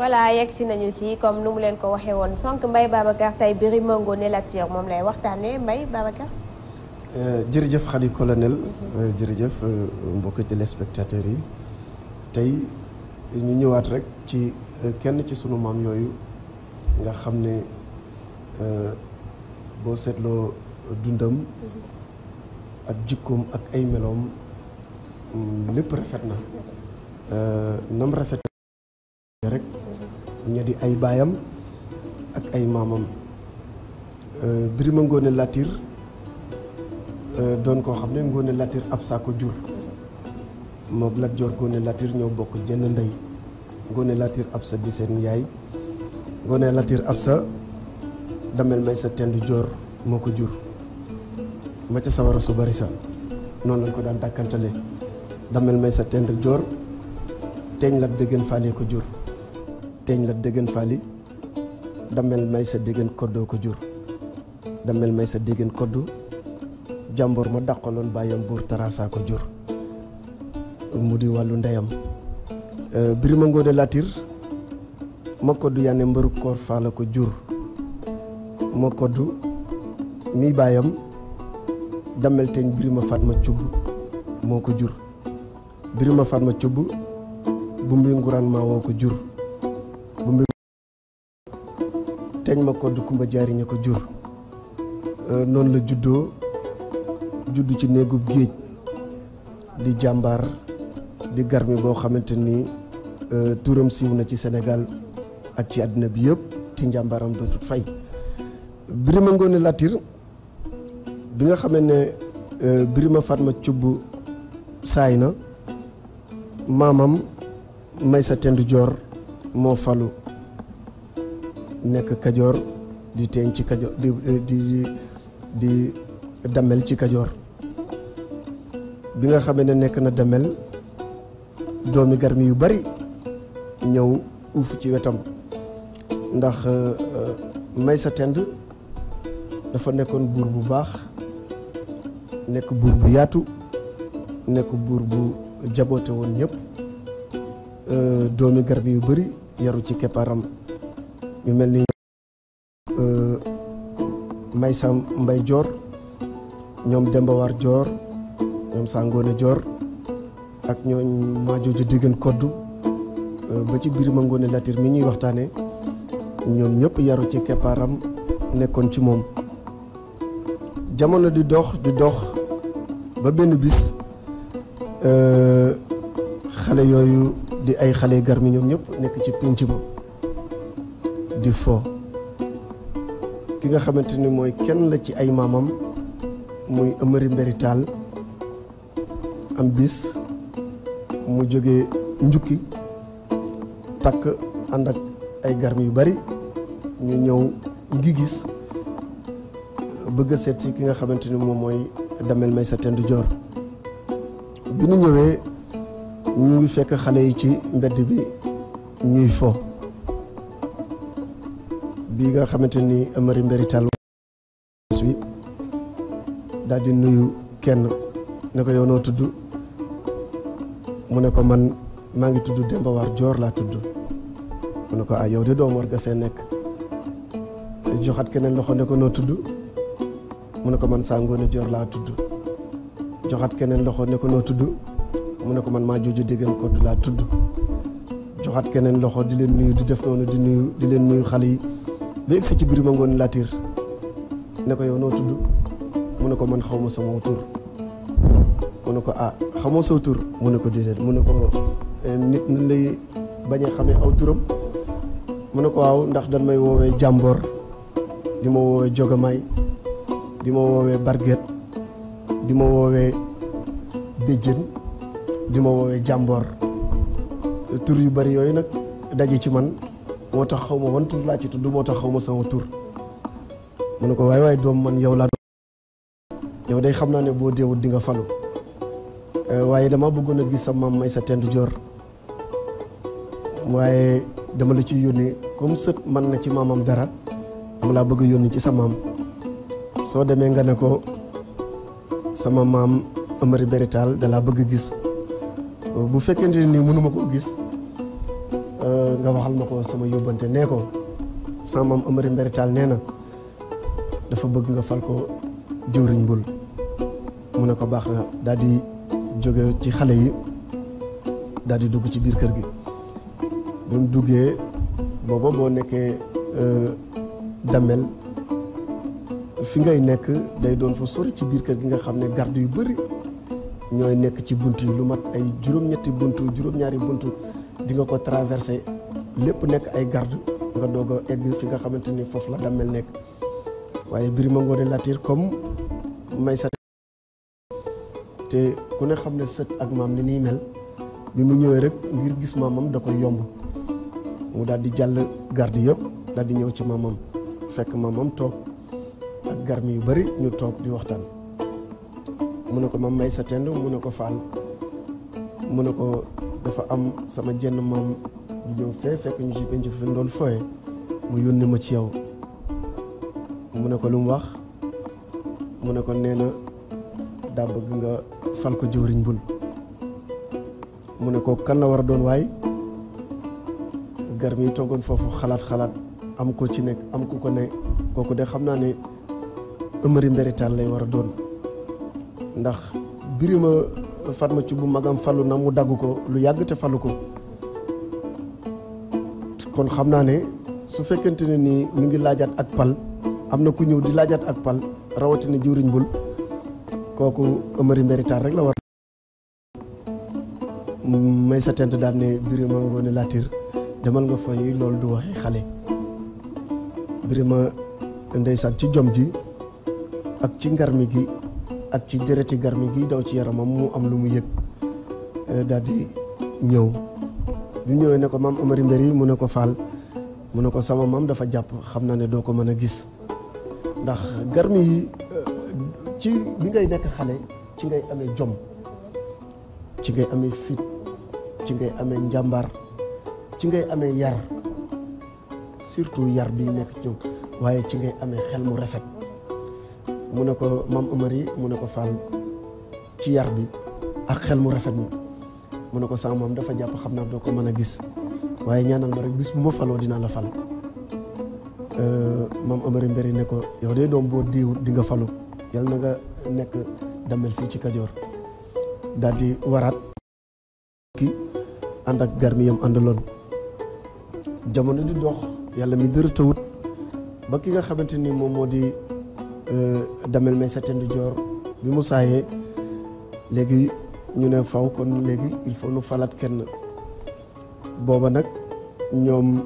voilà yegg si nañu si comme nu mu leen ko waxee woon sonk Mbaye Babacar tey Birima Ngoné Latyr moom lay waxtaanee Mbaye Babacar. Euh, jërëjëf Khady Colonel euh, jërëjëf euh, mbokki téléspectateurs yi tey ñu ñëwaat rek ci kenn ci sunu maam yooyu nga xam ne boo seetloo dundam ak jikkoom ak ay meloom mm, lépp rafet na nam rafet ñoo di ay baayam ak ay maamam euh, Birima Ngoone Latir euh, doon koo xam ne Ngoone Latir ab saako jur moom Lat Joor Ngoone Latir ñoo bokk jenn ndey Ngoone Latir ab sa di seen yaay Ngoone Latir sa damel may sa tendu joor moo ko jur ma ca sawara su bari sa noonu lañ ko daan dàkkantale damel may sa tendu joor teeñ lat dëggeen faalee ko jur teeñ la déggan fali damel may sa déggan koddoo ko jur damel may sa déggan koddu jàmbur ma dàqaloon bàyyam buur taraasa ko jur mu di wàllu ndeyam euh, Birima Ngoone Latir ma koddu yànne mbëru koor faa la ko jur ma koddu mii bàyyam damel teeñ Birima Fatma cubb moo ko jur Birima Fatma cubb bu nguraan maa ko jur bu mbir teñ ma ko du kumba jaari ña ko jur euh, noonu la juddoo juddu ci néegub géej di jàmbaar di garmi boo xamante ni euh, turam siiw na ci senegal ak ci àddina bi yëpp ci njàmbaaram dootut fay Birima Ngoone Latir bi nga xamee ne euh, Birima Fatma Cubb saay na maamam may sa tendu joor moo falu nekk kajoor di teeñ ci kajoor di di di damel ci kajoor bi nga xamee ne nekk na damel doomi garmi yu bari ñëw uuf ci wetam ndax euh, may sa tend dafa nekkoon buur bu baax nekk buur bu yaatu nekk buur bu jaboote woon ñëpp euh, doomi garmi yu bari yaru ci keppaaram ñu mel ni euh, Maysa Mbay Joor ñoom Demba Joor ñoom Sangoone Joor ak ñooñ maa jooju diggan koddu euh, ba ci biir ma ngoone latir mi ñuy waxtaane ñoom ñëpp yaru ci keppaaram nekkoon ci moom jamono di dox di dox ba benn bis euh, xale yooyu di ay xale garmi ñoom ñëpp nekk ci pinc ma di fo ki nga xamante ni mooy kenn la ci ay maamam muy Amari Mbéri Taal am bis mu jóge njukki takk ànd ak ay garmi yu bari ñu ñëw ngi gis bëgg a seet ci ki nga xamante ni moom mooy damel may sa tend joor bi ñu ñëwee ñu ngi fekk xale yi ci mbedd bi ñuy fo bi nga xamante ni Amary Mbéry Tall daldi daal nuyu kenn ne ko tudd mu ne ko man maa ngi tudd Demba War Joor laa tudd mu ne ko ah yow de doom war nga fee nekk joxaat keneen loxo ne noo tudd mu ne ko man Sangoone Joor laa tudd joxaat keneen loxo ne noo tudd mu ne ko man maa jooju déggan ko du laa tudd joxaat keneen loxo di leen nuyu di def noonu di nuyu di leen nuyu xale yi ba egsi ci biir ma ngoon laatiir ne ko yow noo tudd mu ne ko man xaw ma sama tur mu ne ko ah xamoo saw tur mu ne ko déedéet mu ne ko eh, nit ñi lay bañ xamee aw turam mu ne ko aw ndax dañ may woowee jàmboor di ma woowee jogamaay di ma woowee barget di ma woowee béjjén di ma woowee jàmboor tur yu bari yooyu nag daje ci man moo tax xaw ma wan laa ci tudd moo tax xaw ma sama tur mu ne ko waay waaye doom man yow laa yow day xam naa ne boo deewut di nga falu eh, waaye dama bëggoon a gis sa maam may sa tent joor waaye dama la ci yónni comme sët mën na ci maamam dara dama laa bëgg a yónni ci sa maam soo demee nga ne ko sama maam Amari Berital dalaa laa bëgg gis bu fekkente nii mënuma koo gis euh, nga waxal ma ko sama yóbbante nee ko sama maam Amari Mbéri Tall nee na dafa bëgg nga fal ko jëwriñ Mbul mu ne ko baax na daal di jóge ci xale yi daal di dugg ci biir kër gi bi mu duggee booba boo nekkee euh, damel fi ngay nekk day doon fa sori ci biir kër gi nga xam ne garde yu bëri ñooy nekk ci bunt yi lu mat ay juróom-ñetti buntu juróom-ñaari buntu di nga ko traversé lépp nekk ay garde nga doog a egg fi nga xamante ni foofu la dammel nekk waaye Birima Ngoné Latyr comme may sa te ku ne xam ne set ak maam ni nii mel bi mu ñëwee rek ngir gis maamam da koy yomb mu daal di jàll garde yëpp daal di ñëw ci maamam fekk maamam toog ak garmi yu bari ñu toog di waxtaan mu ne ko mam may sa tend mu ne ko faal mu ne ko dafa am sama jenn maam ñu ñëw fee fekk ñu ci penc fi doon fooye mu yónni ma ci yow mu ne ko lu mu wax mu ne ko nee na daa nga fal ko jëwriñ bul mu ne ko kan la war a doon waay gar mi toogoon foofu xalaat xalaat am ko ci nekk am ku ko ne kooku de xam naa ne ëmëri mberitaan lay war a doon ndax birima Fatma ci bu magam falu na mu dagg ko lu yàgg te falu ko kon xam naa ne su fekkente ne nii mu ngi laajaat ak pal am na ku ñëw di laajaat ak pal rawatina jiwriñ bul kooku ëmëri mbéritaan rek la war may sa tent daal ne birima ngoone laatir demal nga fay loolu du waxee xale birima ndeysaan ci jom ji ak ci ngarmi gi ak ci dërëti garmi gi daw ci yaramam mu am lu mu yëg euh, daal di ñëw bu ñëwee ne ko maam Amari Mbéri mu ne ko Fall mu ne ko sama maam dafa jàpp xam na ne doo ko mën a gis ndax garmi yi euh, ci bi ngay nekk xale ci ngay amee jom ci ngay amee fit ci ngay amee njàmbaar ci ngay amee yar surtout yar bi nekk ci waaye ci ngay amee xel mu rafet mu ne ko maam Omar mu ne ko Fall ci yar bi ak xel mu rafet mi mu ne ko sama maam dafa jàpp xam naa doo ko mën a gis waaye ñaanal ma rek bis bu ma faloo dinaa la fal euh, maam Omar Mbéri ne ko yow de doom boo diwut di nga falu yàlla na nga nekk damel fii ci Kajoor daal di waraat ki ànd ak garmi yam àndaloon jamono di dox yàlla mi dërëtawut ba ki nga xamante ni moom moo di Euh, damel may setendi joor bi mu saayee léegi ñu ne faw kon léegi il faut nu falaat kenn booba nag ñoom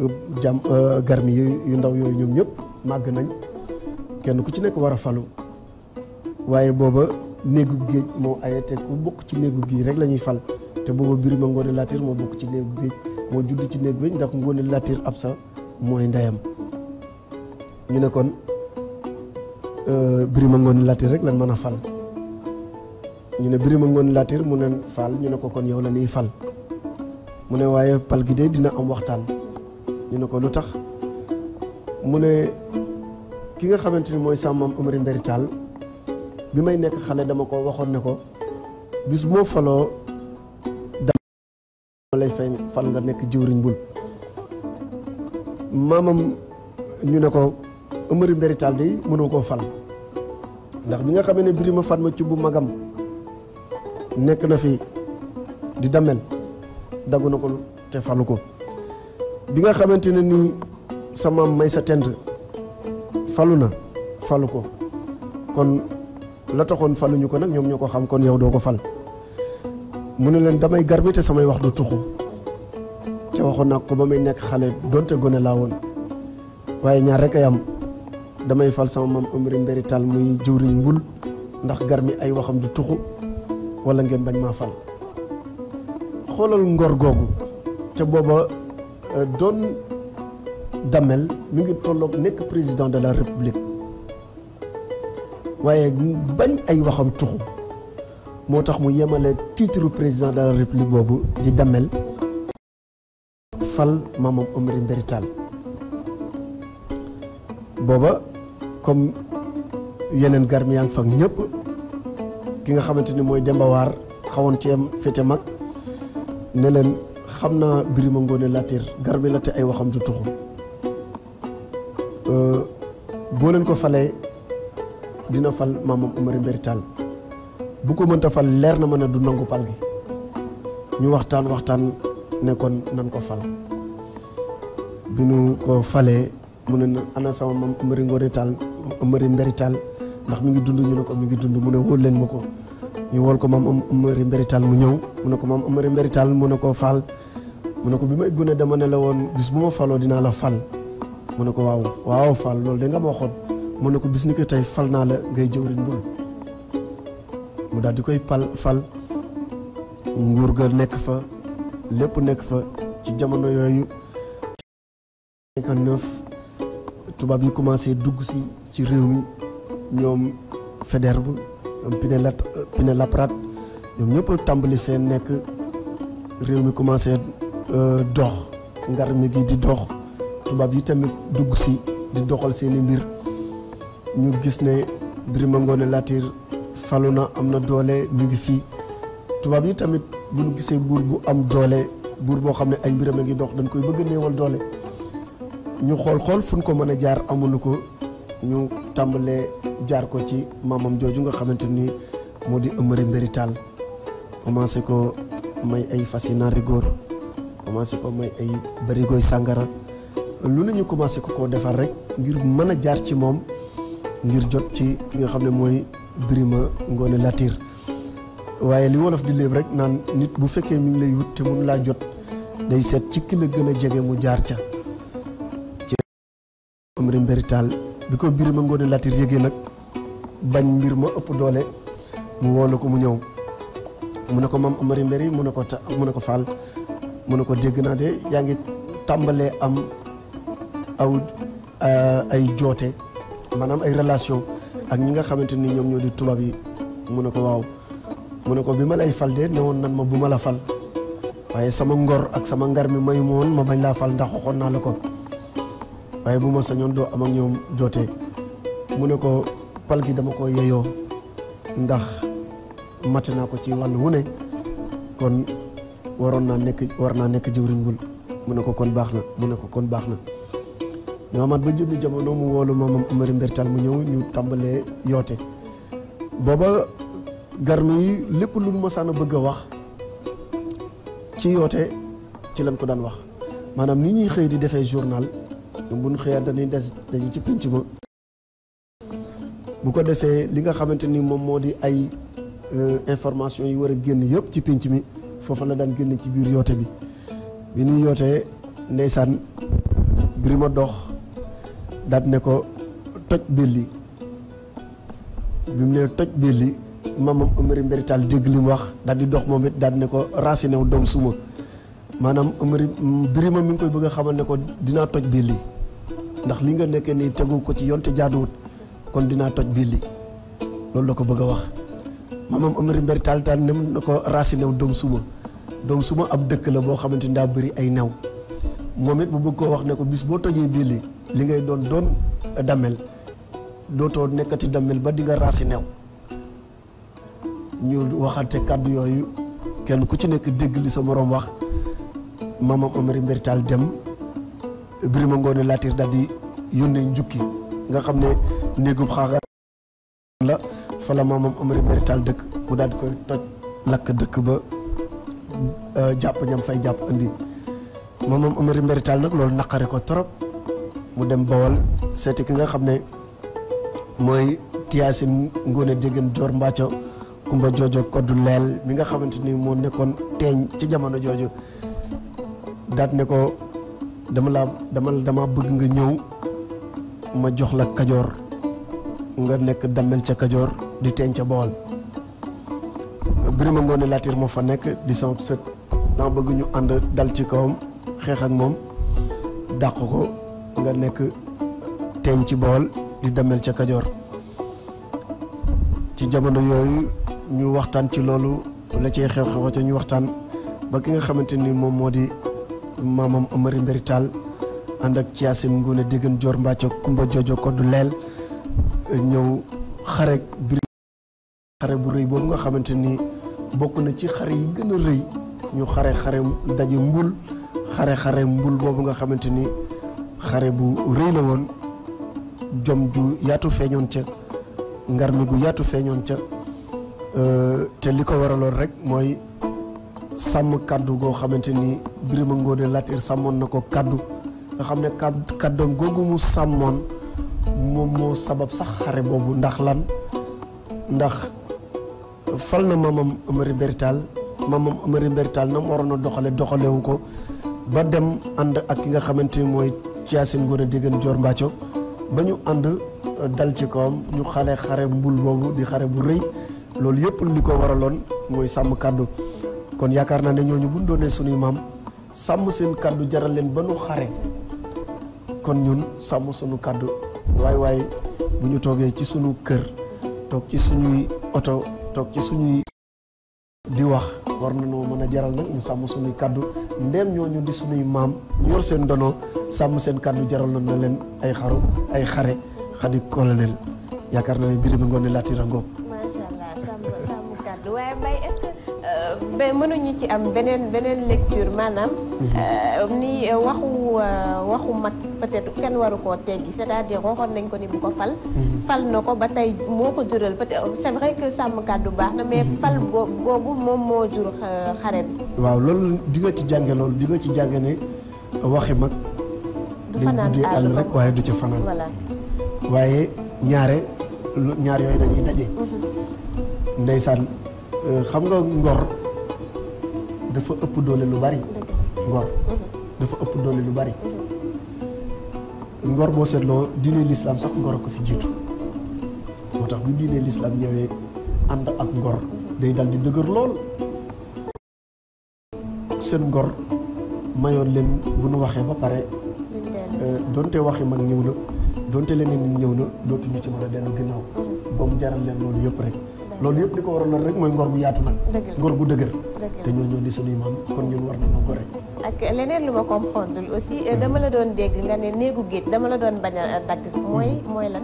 euh, jam euh, garmi yu ndaw yooyu ñoom ñëpp màgg nañ kenn ku ci nekk war a falu waaye booba néegu géej moo aye te ku bokk ci néegu gii rek lañuy ñuy fal te booba Birima Ngoone Latiir moo bokk ci néegu géej moo judd ci néeg géej ndax Ngoone ab sa mooy ndeyam ñu ne kon Euh, Birima Ngoni Latir rek lan mën a fal ñu ne Birima Ngoni Latir mu ne fal ñu ne ko kon yow la ñuy fal mu ne waaye pal gi de dina am waxtaan ñu ne ko lu tax mu ne ki nga xamante ni mooy sàmmam Omari mberi Tall bi may nekk xale dama ko waxoon ne ko bis moo faloo dama lay fay fal nga nekk jiwriñ bul maamam ñu ne ko Amary Mbéry Tall de mënoo koo fal ndax bi nga xamee ne Birima Fatma ci bu magam nekk na fi di damel daggu na ko te falu ko bi nga xamante ne nii sama may sa tend falu na falu ko kon la taxoon faluñu ko nag ñoom ñoo ko xam kon yow doo ko fal mu ne leen damay garmi te samay wax du tuxu te waxoon naa ko ba muy nekk xale donte gone laa woon waaye ñaar rek ayam damay fal sama maam Umri Mbéri muy jëwriñ mbul ndax gar mi ay waxam du tuxu wala ngeen bañ ma fal xoolal ngor googu te booba euh, doon damel mu ngi tolloog nekk président de la république waaye bañ ay waxam tuxu moo tax mu yemale titre président de la république boobu di damel fal maamam Umri Mbéri booba comme yeneen garmi yaa ngi ki nga xamante ni mooy Demba Waar xawoon ci am mag ne leen xam naa Birima Ngone Latir garmi la te ay waxam du tuxu euh, boo ko falee dina fal maamam Umari Mbéri Tall bu ko mënta fal leer na ma ne du nangu pal gi ñu waxtaan waxtaan nekkoon kon nan ko fal bi ñu ko falee mu ne ana sama maam Umari Ngone Tall Amary Mbéri Tall ndax mi ngi dund ñu ne ko mi ngi dund mu ne wóol leen ma ko ñu wool ko maam Amary Mbéri Tall mu ñëw mu ne ko maam Amary Mbéri Tall mu ne ko faal mu ne ko bi may gune dama ne la woon bis bu ma faloo dinaa la fal mu ne ko waaw waaw fal loolu de nga ma waxoon mu ne ko bis ni ko tey fal naa la ngay jëwriñ bul mu daal di koy pal fal nguur ga nekk fa lépp nekk fa ci jamono yooyu 59 tubaab yi commencé dugg si ci réew mi ñoom feder ñoom Pinet pinet ñoom ñëpp tàmbali fee nekk réew mi commencé euh, dox ngar mi gi di dox tubaab yi tamit dugg si di doxal seeni mbir ñu gis ne Birima Ngone Latir falu na am na doole ñu ngi fii tubaab yi tamit bu ñu gisee buur bu am doole buur boo xam ne ay mbiram a ngi dox dañ koy bëgg a doole ñu xool xool fu ñu ko mën a jaar amuñu ko ñu tàmbalee jaar ko ci maamam jooju nga xamante ni moo di Amari Mbéri Tall commencé ko may ay fas yi fasina rigor commencé ko may ay barigoy sàngara lu ne ñu commencé ko koo defar rek ngir mën a jaar ci moom ngir jot ci ki nga xam ne mooy ma Ngoone Latiir waaye li wolof di léeb rek naan nit bu fekkee mi ngi lay wut te mun laa jot day seet ci ki la gën a jege mu jaar ca ci Amari bi ko ma Ngoone Latir yëgee nag bañ mbir ma ëpp doole mu woole ko mu ñëw mu ne ko maam Amari Mbéri mu ne ko ta mu ne ko Fall mu ne ko dégg naa de yaa ngi tàmbalee am aw eh, ay joote maanaam ay relation ak ñi nga xamante ni ñoom ñoo di tubaab yi mu ne ko waaw mu ne ko bi ma lay fal de ne woon nan ma bu ma la fal waaye sama ngor ak sama ngar mi may ma woon ma bañ laa fal ndax waxoon naa la ko waaye bu ma sañoon doo am ak ñoom jotee mu ne ko pal gi dama ko yeyoo ndax mate naa ko ci wàll wu ne kon waroon naa nekk war naa nekk jëwriñ bul mu ne ko kon baax na mu ne ko kon baax na ñoo amaat ba jëmmi jamono mu woolu maamam Amari Mbertal mu ñëw ñu tàmbalee yoote booba garnu yi lépp lu ma saan bëgg a wax ci yoote ci lañ ko daan wax maanaam ni ñuy xëy di defee journal bu ñu des dañuy ci pénc ma ko defee li nga xamante ni moom moo di ay euh, information yi war a génn yëpp ci pinc mi foofu la daan génne ci biir yoote bi bi ñuy yootee ndeysaan birima dox daat ne ko toj belli bi mu ne toj belli mamam Amari Mbérital dégg li mu wax daal di dox moom it daal ne ko racinew doom suma maanaam Amari ma mi ngi koy bëgg a xamal ne ko dinaa toj belli ndax li nga nekkee nii tegu ko ci yoon te jaaduwut kon dinaa toj bii li loolu la ko bëgg a wax maamam amari mbéri taalitaan nem na ko raasi new doom suma doom suma ab dëkk la boo xamante ni daa bëri ay new moom it bu bëgg koo wax ne ko bis boo tojee bii li li ngay doon doon dammel dootoo nekkati dammel ba di nga raasi new ñu waxante kàddu yooyu kenn ku ci nekk dégg li sa moroom wax maamam amari mbéri dem Birima Ngoone Laatiir daal di yónnee njukki nga xam ne néegub xaaxa la fa la maamam Amari Mbéri dëkk mu daal di koy toj lakk dëkk ba euh, jàpp ñam fay jàpp andi maamam Amari Mbéri nag loolu naqare ko trop mu dem bawal seeti ki nga xam ne mooy Tiyaasin Ngoone Déggan Joor Mbaaco Kumba Joojo Koddu Leel mi nga xamante ni moo nekkoon teeñ ci jamono jooju daat ne ko dama la dama dama bëgg nga ñëw ma jox la kajoor nga nekk dammel ca kajoor di teen ca bool Birima Ngoone Laatiir moo fa nekk di sama sët dama bëgg ñu ànd dal ci kawam xeex ak moom dàq ko nga nekk teen ci bool di dammel ca kajoor ci jamono yooyu ñu waxtaan ci loolu la cay xew xew ca ñu waxtaan ba ki nga xamante ni moom moo di maamam Amari Mbéri Tall ànd ak Ciyaasim Ngoone Déggan Joor Mbàcco Kumba Jojo Koddu Leel ñëw xare xare bu rëy boobu nga xamante ni bokk na ci xare yi gën rëy ñu xare xare daje mbul xare xare mbul boobu nga xamante ni xare bu rëy la woon jom ju yaatu feeñoon ca ngar gu yaatu feeñoon ca euh, te li ko waraloon rek mooy sàmm kaddu goo xamante ni Birima Ngóone Latir sàmmoon na ko kàddu nga xam ne kaddu kaddoom googu mu sàmmoon moom moo sabab sax xare boobu ndax lan ndax fal na mamam Amari Bertal mamam Amari Bertal na mu waroon a doxale doxalewu ko ba dem ànd ak ki nga xamante ni mooy Thiassine Ngóone Dégane Joor Mbacco ba ñu ànd euh, dal ci kawam ñu xale xare mbul boobu di xare bu rëy loolu yëpp li ko waraloon mooy sàmm kàddu kon yaakaar naa ne ñooñu bu ñu doonee suñuy maam sàmm seen kàddu jaral leen ba nu xare kon ñun sàmm suñu kàddu waay waaye bu ñu toogee ci suñu kër toog ci suñuy oto toog ci suñuy di wax war na nañoo mën a jaral nag ñu sàmm suñuy kàddu ndéem ñu di suñuy maam ñu seen ndono sàmm seen kàddu jaral na leen ay xaru ay xare xadi koola leen yaakaar naa ne Birima Ngone Latyr a ngoog ba mënuñu ci am beneen beneen lecture maanaam. Mhm. Euh, ni euh, waxu euh, waxu mag peut-être kenn waru koo teggi c'est-à-dire waxoon nañ ko ni bu ko fal. Mhm. fal na ko ba tey moo ko jural peut c'est vrai sàmm kàddu baax na mhm. waaw loolu di ci jànge loolu ci jànge waxi mag. du fanaan dañ àll rek waaye du ca fanaan. waaye ñaare ñaar yooyu dañuy daje. ndeysaan xam nga ngor. dafa ëpp doole lu bari. ngor dafa ëpp doole lu bari. ngor boo seetloo diine lislaam sax ngor a fi jiitu moo tax bu diine lislaam ñëwee ànd ak ngor day dal di dëgër lool seen ngor mayoon leen bu nu waxee ba pare euh, donte waxi mag ñëw na donte leneen ñëw na dootuñu ci man a dellu ginnaaw ba mu jaral leen loolu yëpp rek loolu yëpp li ko waraloon rek mooy ngor bu yaatu nag ngor bu dëgër te ñoo di suñuy maam kon ñun war nañoo gore. ak leneen lu ma comprendre aussi eh, dama la doon dégg nga ne néegu géej dama la doon bañ a eh, dagg. mooy mooy lan.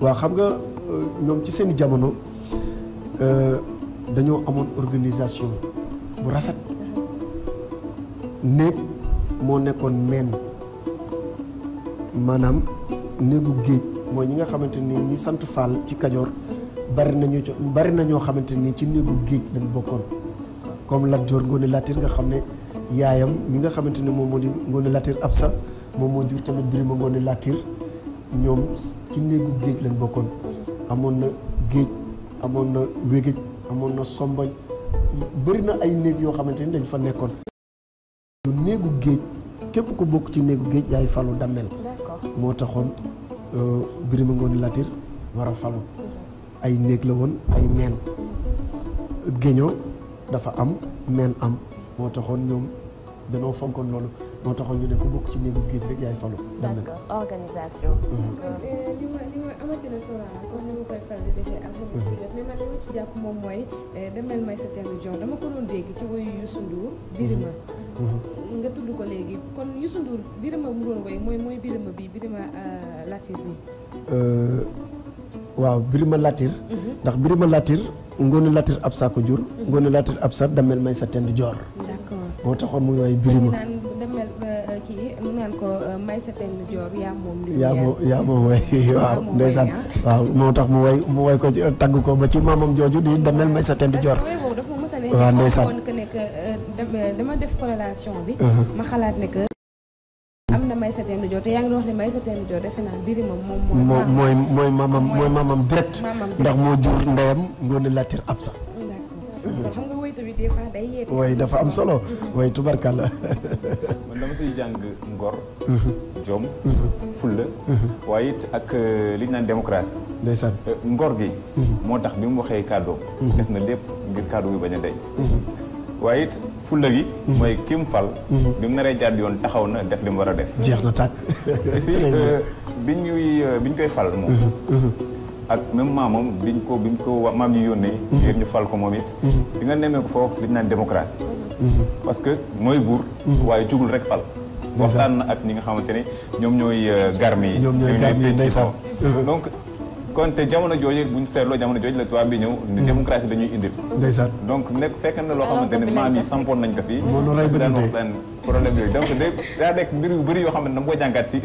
waa xam nga euh, ñoom ci seen jamono euh, dañoo amoon organisation bu rafet. néeg moo nekkoon meen maanaam néegu géej mooy ñi nga xamante ni ñi sant Fall ci Kajoor bari nañu bari na ñoo xamante ni ci néegu géej dañ bokkoon. comme Lat Joor Ngoone Latir nga xam ne yaayam mi nga xamante ne moom moo di Ngoone Latir Absa moom moo jur tamit Birima Ngoone Latir ñoom ci néegu géej lañ bokkoon amoon na géej amoon na wégéej amoon na sombañ bëri na ay néeg yoo xamante ni dañ fa nekkoon lu néegu géej képp ku bokk ci néegu géej yaay falu dammel moo taxoon euh, Birima Ngoone Latir war falu ay néeg la woon ay meen géñoo dafa am meen am moo taxoon ñoom danoo fonkoon loolu moo taxoon ñu ne ku bokk ci néegu géej rek yaay falu. dem nañ organisation. li mhm. euh, euh, ma li ma amati koy faral di defee ak ministre mhm. bi mais man li ma ci euh, dama ko doon dégg ci woyu Youssou Ndour Birima mhm. nga tudd ko léegi kon Youssou Ndour Birima mu doon woy mooy mooy Birima bi Birima Latir bi waaw Birima Latir. Mhm. ndax Birima Latir ngoone Latir ab saa jur. Mhm. ngoone Latir ab sa damel may sa tend joor. mu yooyu Birima. Euh, euh, yaa moom yaa moom way waaw ndeysaan ah. waaw moo tax mu way mu way ko tagg ko ba ci maamam jooju di damel may sa tendu jor waaw ndeysaan euh, dama def corrélation bi uh-huh. ma xalaat ne may sa teen joote mooy maamam direct ndax moo jur ndeyam ngoone latir ab sa dafa am solo mhm. way la man dama siy jàng ngor mhm. jom mhm. fulla waaye it ak euh, li ñu naan démocratie ndeysaan euh, ngor gi moo tax bi mu waxee kàddoom def na lépp ngir kàddu bi bañ a dey waaye it fulla gi. Mhm. mooy kim fal. Mhm. bi mu naree jaar yoon taxaw na def li war a def. jeex na tàkk. Euh, bi ñuy euh, bi ñu koy fal moom. Mhm. ak même maamam biñ ko biñ ko maam yi yónnee. ngir ñu fal ko moom it. di nga nemmeeku foofu li ñu naan parce que mooy buur. waaye jugul rek fal. waxtaan na ak ñi nga xamante ne ñoom ñooy euh, garmi yi. ñoom ñooy garmi yi ndeysaan donc. kon te jamono jooju bu ñu seetloo jamono jooju la tubaab bi ñëw. Mm. démocratie dañuy indil. ndeysaan donc nekk fekk na loo xamante ne maam yi sampoon nañ ko fii. moo loo daan wax daan problème yooyu donc day daa nekk yu bëri yoo xam ne dama ko jàngaat si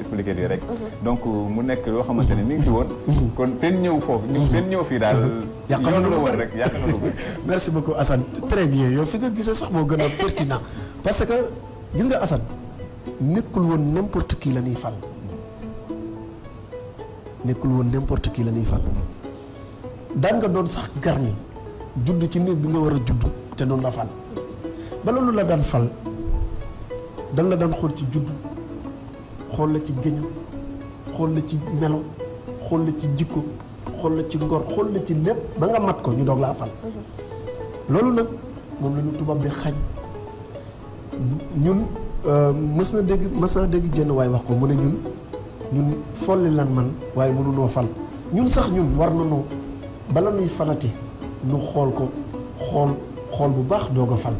expliqué lii rek mm-hmm. donc mu nekk loo xamante ne mi ngi fi woon mm-hmm. kon seen ñëw foofu seen ñëw fii daal mm-hmm. yàq na lu war rek yàq na lu merci beaucoup Assane très bien yow fi nga gisee sax moo gën a pertinent parce que gis nga Assane nekkul woon n'importe kii la ñuy fal nekkul woon n'importe qui la ñuy fal daan nga doon sax garmi judd ci néeg bi nga war a judd te doon la fal ba loolu la daan fal dan la daan xool ci judd xool la ci géño xool la ci melo xool la ci jikko xool la ci ngor xool la ci lépp ba nga mat ko ñu doog laa fal loolu nag moom la ñu tubaab bi xañ ñun euh, mës na dégg mës na dégg jenn waay wax ko mu ne ñun ñun folli lan man waaye mënunoo fal ñun sax ñun war nañoo bala nuy falati nu xool ko xool xool bu baax doog a fal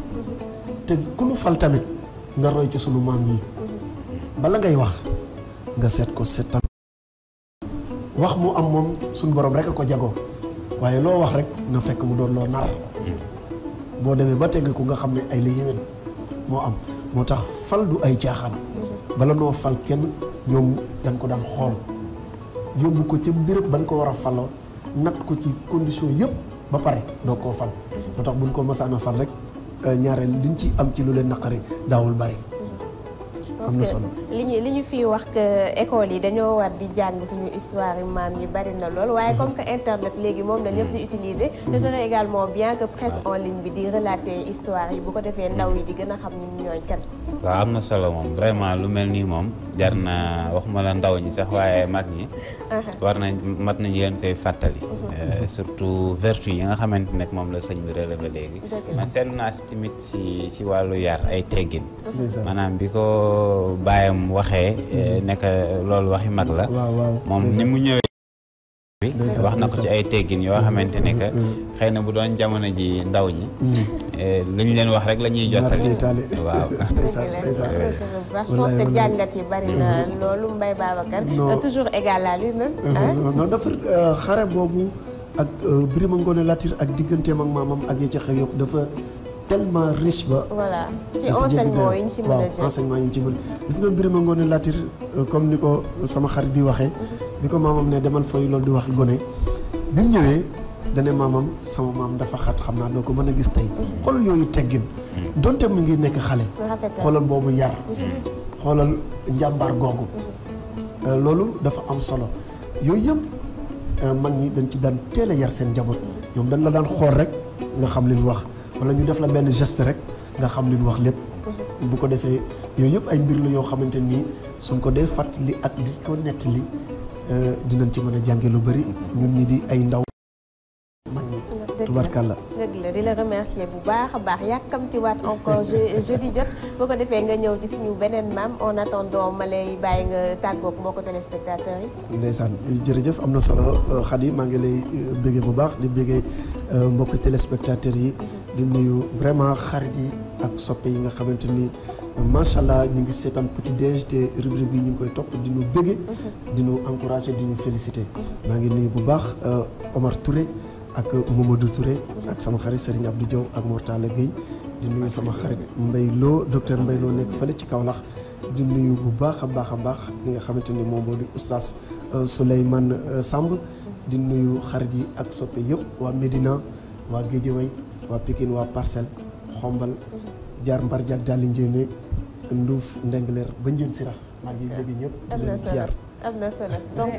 te ku nu fal tamit nga roy ci sunu maam yi bala ngay wax nga seet ko seetal wax mu am moom suñu borom rekk a ko jagoo waaye loo wax rek na fekk mu doon loo nar boo demee ba tegg ko nga xam ne ay la yéwén moo am moo tax fal du ay caaxaan bala noo fal kenn ñoom dañ ko daan xool yóbbu ko ca béréb ban ko war a faloo nat ko ci condition yëpp ba pare doo ko fal moo tax buñ ko masaana fal rek euh, ñaareel liñ ci am ci lu leen naqari daawul bari am na solo li ñu li ñu fii wax que école yi dañoo war di jàng suñu histoire yi maam yi bari na lool waaye mhm. comme que internet léegi moom la ñëpp di mhm. utiliser. ce mhm. serait également bien que presse en ligne bi di relater histoire yi bu ko defee ndaw yi di gën a xam ñun ñooy kan. waaw am na solo moom vraiment lu mel nii moom jar na waxuma la ndaw ñi sax waaye mag ñi uh-huh. war nañ mat na leen koy fàttali uh-huh. eh, surtout vertu yi nga xamante ne moom la sëñ bi relevé léegi man seetlu naa si tamit si si wàllu yar ay teggin uh-huh. maanaam bi ko bàyyam waxee eh, nekk loolu waxi mag la moom ni mu ñëwee wax na ko ci ay teggin yoo xamante ne que mm-hmm. xëy na bu doon jamono ji ndaw ñi mm-hmm. Eh, liñ leen wax rek la ñuy jottali waaw je pense que jàngat yi bari na loolu Mbaye Babacar toujours égal à lui-même euh, non dafa euh, xare boobu ak euh, Birima Ngone Latir ak digganteem ak maamam ak ya ca xew yëpp dafa tellement riche ba. voilà ci enseignement yi ñu waaw enseignement yi ci mën gis nga Birima Ngone Latir comme ni ko sama xarit bi waxee. bi ko maamam ne demal fooy loolu di wax gone bi ñëwee. dane maamam sama maam dafa xat xam naa doo ko mën a gis tey xoolal yooyu teggin donte mu ngi nekk xale xoolal boobu yar mm-hmm. xoolal njàmbaar googu mm-hmm. euh, loolu dafa am solo yooyu yëpp euh, mag ñi dañ ci daan teel yar seen njaboot ñoom dañ la daan xool rek nga xam li wax wala ñu def la benn geste rek nga xam li ñu wax lépp mm-hmm. bu ko defee yooyu yëpp ay mbir la yoo xamante nii suñ ko dee fàttali ak di ko nettali euh, dinañ ci mën a jànge lu bari ñun ñi di ay ndaw tubarkalla dëgg la di la remercier bu baax a baax yàkkamtiwaat encore jeudi jot boo ko defee nga ñëw ci suñu beneen maam en attendant ma lay bàyyi nga tàggoog moo ko téléspectateurs yi ndeysaan jërëjëf am na solo euh, Khady maa ngi lay euh, bëggee bu baax di bëggee euh, mbokk téléspectateurs yi di nuyu vraiment xarit yi ak soppe yi nga xamante ni macha allah ñu ngi seetaan petit déj te rubrique bi ñu ngi koy topp di ñu bëgge mhm. di ñu encouragé di ñu félicité maa ngi nuyu bu baax Omar Touré ak Mamadou Touré ak sama xarit Serigne Abdou Diaw ak Mortala Gueye di nuyu sama xarit Mbaye loo docteur mbay loo nekk fële ci Kaolack di nuyu bu baax a baax a baax ki nga xamante ni moom moo di oustaz euh, Souleymane euh, Samb di nuyu xarit yi ak soppe yëpp waa Médina waa Guédiawaye waa Pikine waa Parcelles Xombal jaar mbar jaag daali njéemé nduuf ndengleer ba njën si rax ngi bëgg ñëpp leen ziar